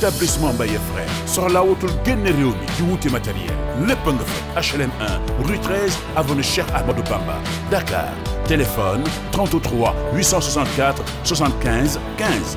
établissement Mbaye Frère soxla wutul génn réew mi di wuti matériel lépp nga fa HLM 1 rue 13 avenue Cheikh Amadou Bamba Dakar téléphone 33 864 75 15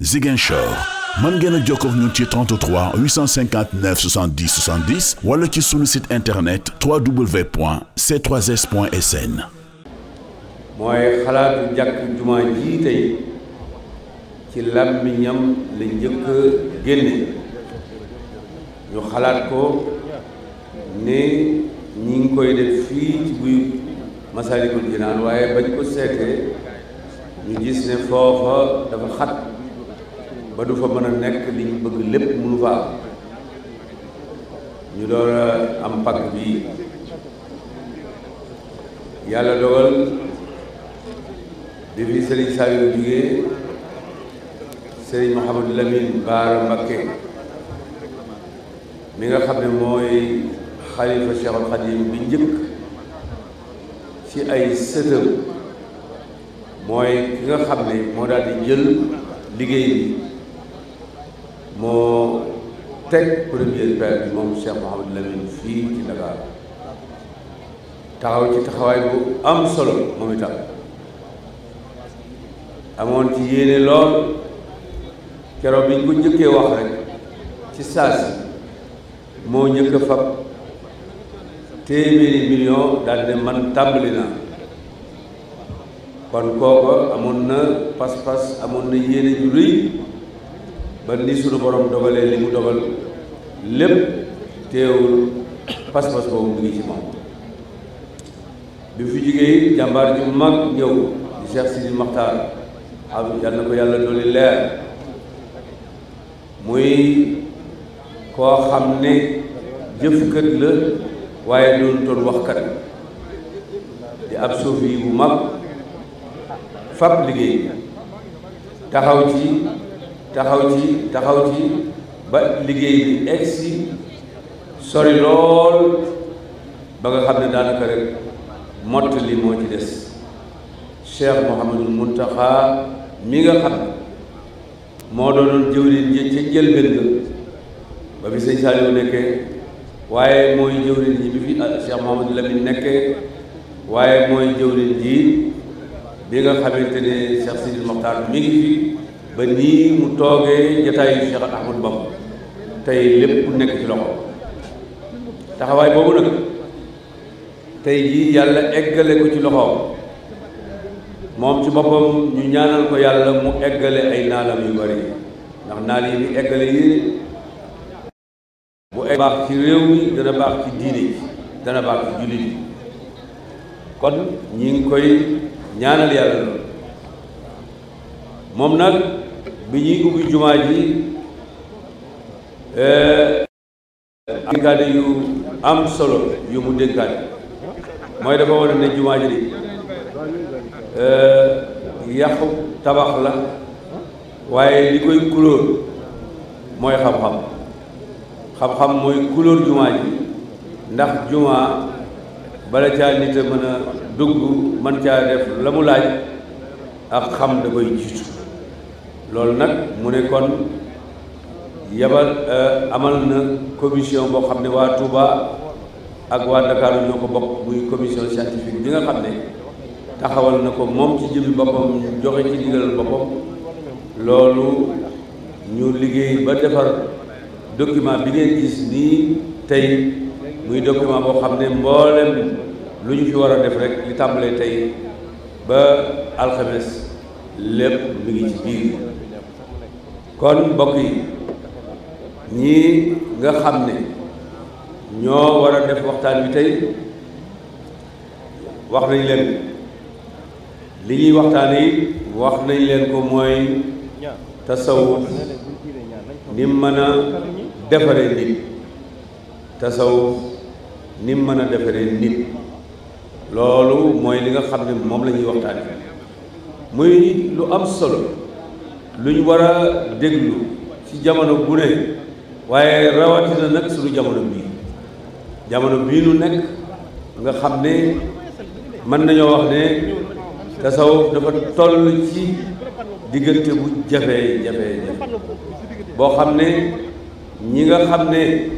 Ziguinchor mën ngeen a jokkoo ak ñun ci 33 859 70 70 wala ci sunu site internet www.c3s.sn. mooy xalaatu jàkk jumaa ji tey ci làmmiñam la njëkk a génne ñu xalaat ko ne ñi koy def fii ci buy Masaalikul Jinaan waaye bañ ko seetee ñu gis ne foofa dafa xat. ba du fa mën a nekk li ñu bëgg lépp mënu fa am ñu door a am pàkk bi yàlla dogal bi fi Serigne Saliou jugee Serigne Mouhamadou Lamine Baara Mbacké mi nga xam ne mooy xalifa Cheikhul Khadim bi njëkk ci ay sëtëm mooy ki nga xam ne moo daal di jël liggéey bi moo teg première pierre bi moom Cheikh Mouhamadou Lamine fii ci Dakar taxaw ci taxawaay bu am solo moom itam amoon ci yéene lool keroog bi ñu ko njëkkee wax rek ci saasi moo njëkk a fab téeméeri million daal ne man tàmbali naa kon kooka amoon na pas-pas amoon na yéene ju ba ni sunu borom dogalee li mu dogal lépp teewul pas boobu mu ngi ci moom bi fi jógee jàmbaar ju mag ñëw di Cheikh Sidi Makhtar am yal na ko yàlla dolli leer muy koo xam ne jëfkat la waaye doon toon waxkat di ab suufi bu mag fab liggéey taxaw ci taxaw ci taxaw ci ba liggéey bi egsi sori lool ba nga xam ne daanaka rek mott li moo ci des Cheikh Mouhamadul Mountakha mi nga xam moo doonoon jëwriñ ji ca njëlbéen ga ba fi sëñ Saliou nekkee waaye mooy jëwriñ ji bi fi ah, Cheikh Mouhamadou Lamine nekkee waaye mooy jëwriñ ji bi nga xamante ne ngi fi ba nii mu toogee jataayu Cheikh Ahmadou Bamba tey lépp nekk ci loxo taxawaay boobu nag tey jii yàlla eggale ko ci loxoom moom ci boppam ñu ñaanal ko yàlla mu eggale ay naalam yu bari ndax naal yi mu eggale yéene bu egg baax ci réew mi dana baax ci diine dana baax ci jullit yi kon ñi ngi koy ñaanal yàlla loolu moom nag bi ñuy ubbi jumaa ji eh, dénkaane yu am solo yu mu dénkaane mooy dafa wane ne jumaa ji di eh, yàqu tabax la waaye li koy couleur mooy xam-xam xam-xam mooy couleur jumaa ji ndax jumaa bala caa nit a mën a dugg mën caa def la mu laaj ak xam da jiitu loolu nag mu ne kon yabal euh, amal na commission boo xam ne waa Touba ak waa Ndakaaru ñoo ko bokk muy commission scientifique bi nga xam ne taxawal na ko moom ci jëmmi boppam joxe ci ndigalal boppam loolu ñu liggéey ba defar document bi ngeen gis nii tey muy document boo xam ne mboolem lu ñu fi war a def rek li tàmbalee tey ba alxemes lépp mi ngi ci biir kon mbokk yi ñii nga xam ne ñoo war a def waxtaan wi tey wax nañ leen li ñuy waxtaan yi wax nañ leen ko mooy tasawuf ni mën a defare nit tasawuf ni mën a defare nit loolu mooy li nga xam ne moom lañuy ñuy muy lu am solo lu ñu war a déglu ci jamono bu ne waaye rawatina nag suñu jamono bii jamono bii nu nekk nga xam ne mën nañoo wax ne tasawuf dafa toll ci diggante bu jafe jafee boo xam ne ñi nga xam ne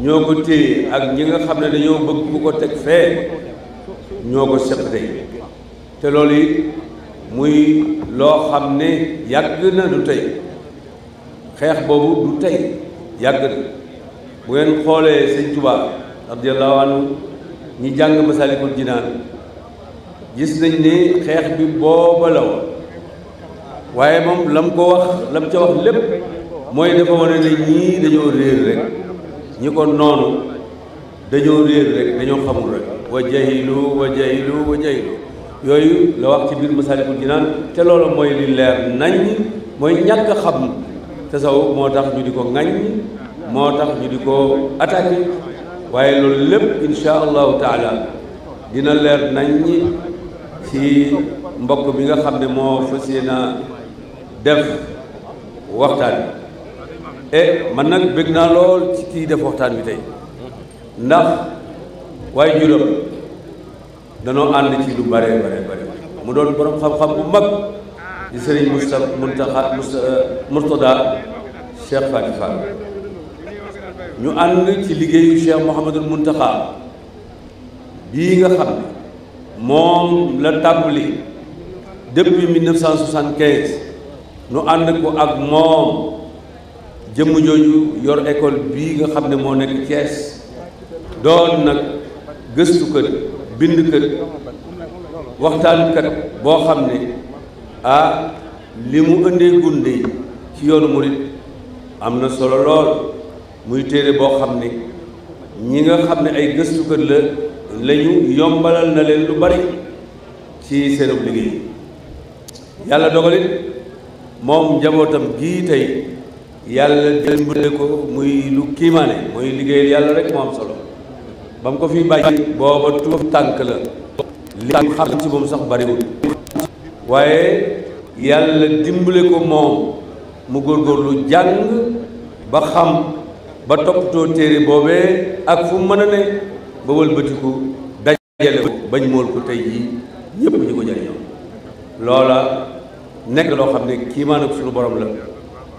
ñoo ko téye ak ñi nga xam ne dañoo bëgg bu ko teg fee ñoo ko seq tey te loolu it muy loo xam ne yàgg na lu tey xeex boobu du tey yàgg na bu ngeen xoolee sëñ Tuubaa radiyallaahu anhu ñi jàng Masaalikul Jinaan gis nañ ni xeex bi booba la woon waaye moom lam ko wax lam ca wax lépp mooy dafa wane ne ñii dañoo réer rek ñi ko noonu dañoo réer rek dañoo xamul rek wa jahilu wa yooyu la wax ci biir Masaalikul Jinaan te loolu mooy li leer nañ mooy ñàkk xam tasawuf moo tax ñu di ko ŋañ moo tax ñu di ko attaqué waaye loolu lépp insha allahu taala dina leer nañ ci mbokk bi nga xam ne moo fas yéene def waxtaan e man nag bëgg naa lool ci kii def waxtaan bi tey ndax waaye juróom danoo ànd ci lu bare bare bare mu doon borom xam-xam bu mag di sëriñ Moussa Mountakha Moussa Mourtada Cheikh Fati Fall ñu ànd ci liggéeyu Cheikh Mouhamadul Mountakha bii nga xam ne moom la tàmbali depuis 1975 ñu ànd ko ak moom jëmm jooju yor école bii nga xam ne moo nekk Thiès doon nag gëstu kër bind bindkat waxtaankat boo xam ne ah li mu ëndee gunde ci yoonu murit am na solo lool muy téere boo xam ne ñi nga xam ne ay gëstukat la lañu yombalal na leen lu bari ci seenub liggéey yàlla dogalit moom njabootam gi tey yàlla dimbale ko muy lu kiimaane mooy liggéeyal yàlla rek moo am solo ba mu ko fi bàyyi booba tuuf tànk la li xam ci moom sax bariwul waaye yàlla dimbale ko moom mu góorgóorlu jàng ba xam ba toppatoo téere boobee ak fu mën a ne ba wëlbatiku dajale ko bañ mool ko tey jii ñépp ñu ko jariñoo loola nekk loo xam ne kii maa nag suñu la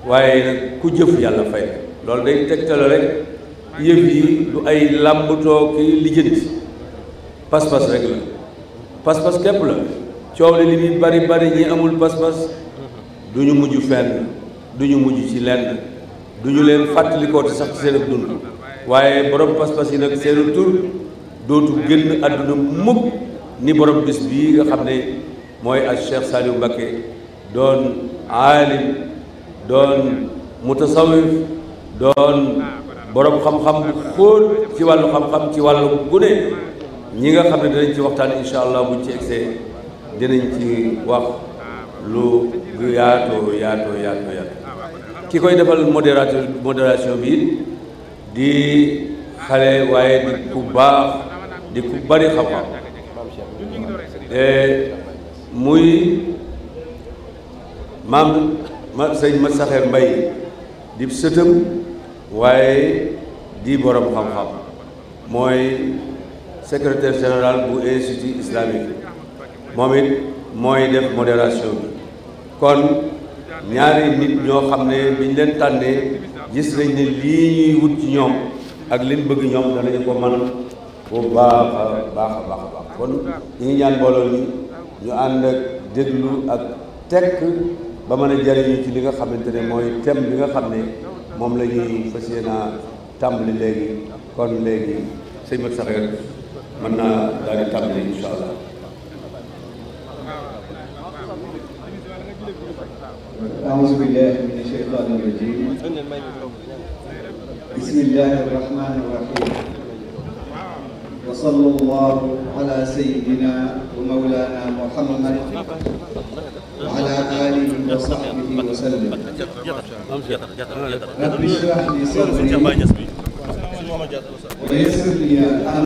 waaye ku jëf yàlla fay loolu day tegtale rek yëf yi du ay làmbatoo ki lijjanti pas-pas rek la pas-pas képp la coow li li muy bari bari ñi amul pas-pas du ñu mujj fenn du mujj ci lenn du leen fàttalikooti sax ci seen dund waaye borom pas-pas yi nag seen tur dootu génn àdduna mukk ni borom bis bii nga xam ne mooy ak Cheikh Saliou Mbacké doon aalim doon mutasawif doon boroom xam-xam bu xóot ci wàllu xam-xam ci wàllu gune ñi nga xam ne dinañ ci waxtaan incha allah mu ci egsee dinañ ci wax lu yaatoo yaatoo yaatoo yaatoo ki koy defal modérateur modération bi di xale waaye di ku baax di ku bari xam-xam eh, muy maam ma sëñ ma saxeer mbay di sëtëm waaye di borom xam-xam mooy secretaire général bu institut islamique moom it mooy def modération bi kon ñaari nit ñoo xam ne biñ leen tànnee gis nañ ne lii ñuy wut ci ñoom ak liñ bëgg ñoom danañu ko mën bu baax baax baax baax kon ñu ngi ñaan mbooloo ñi ñu ànd ak déglu ak tekk ba mën a jariñu ci li nga xamante ne mooy thème bi nga xam ne moom la ñuy fas yéene tàmbali léegi kon léegi sëñ mat saxeer mën naa daal di tàmbali incha allah أعوذ بالله من الشيطان الرجيم بسم الله الرحمن الرحيم وصلى الله على سيدنا ومولانا محمد وعلى آله وصحبه وسلم رب اشرح لي صدري ويسر لي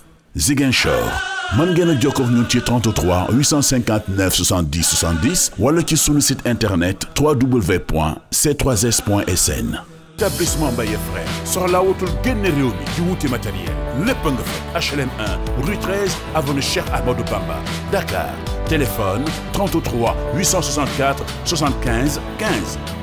Ziguinchor mën ngeen a jokkoo ak ñun ci 33 859 70 70 wala ci sunu site internet www.c3s.sn. établissement Mbaye Frères soxla wutul génn réew mi di wuti matériel lépp nga fa HLM 1 rue 13 avenue Cheikh Amadou Bamba Dakar téléphone 33 864 75 15.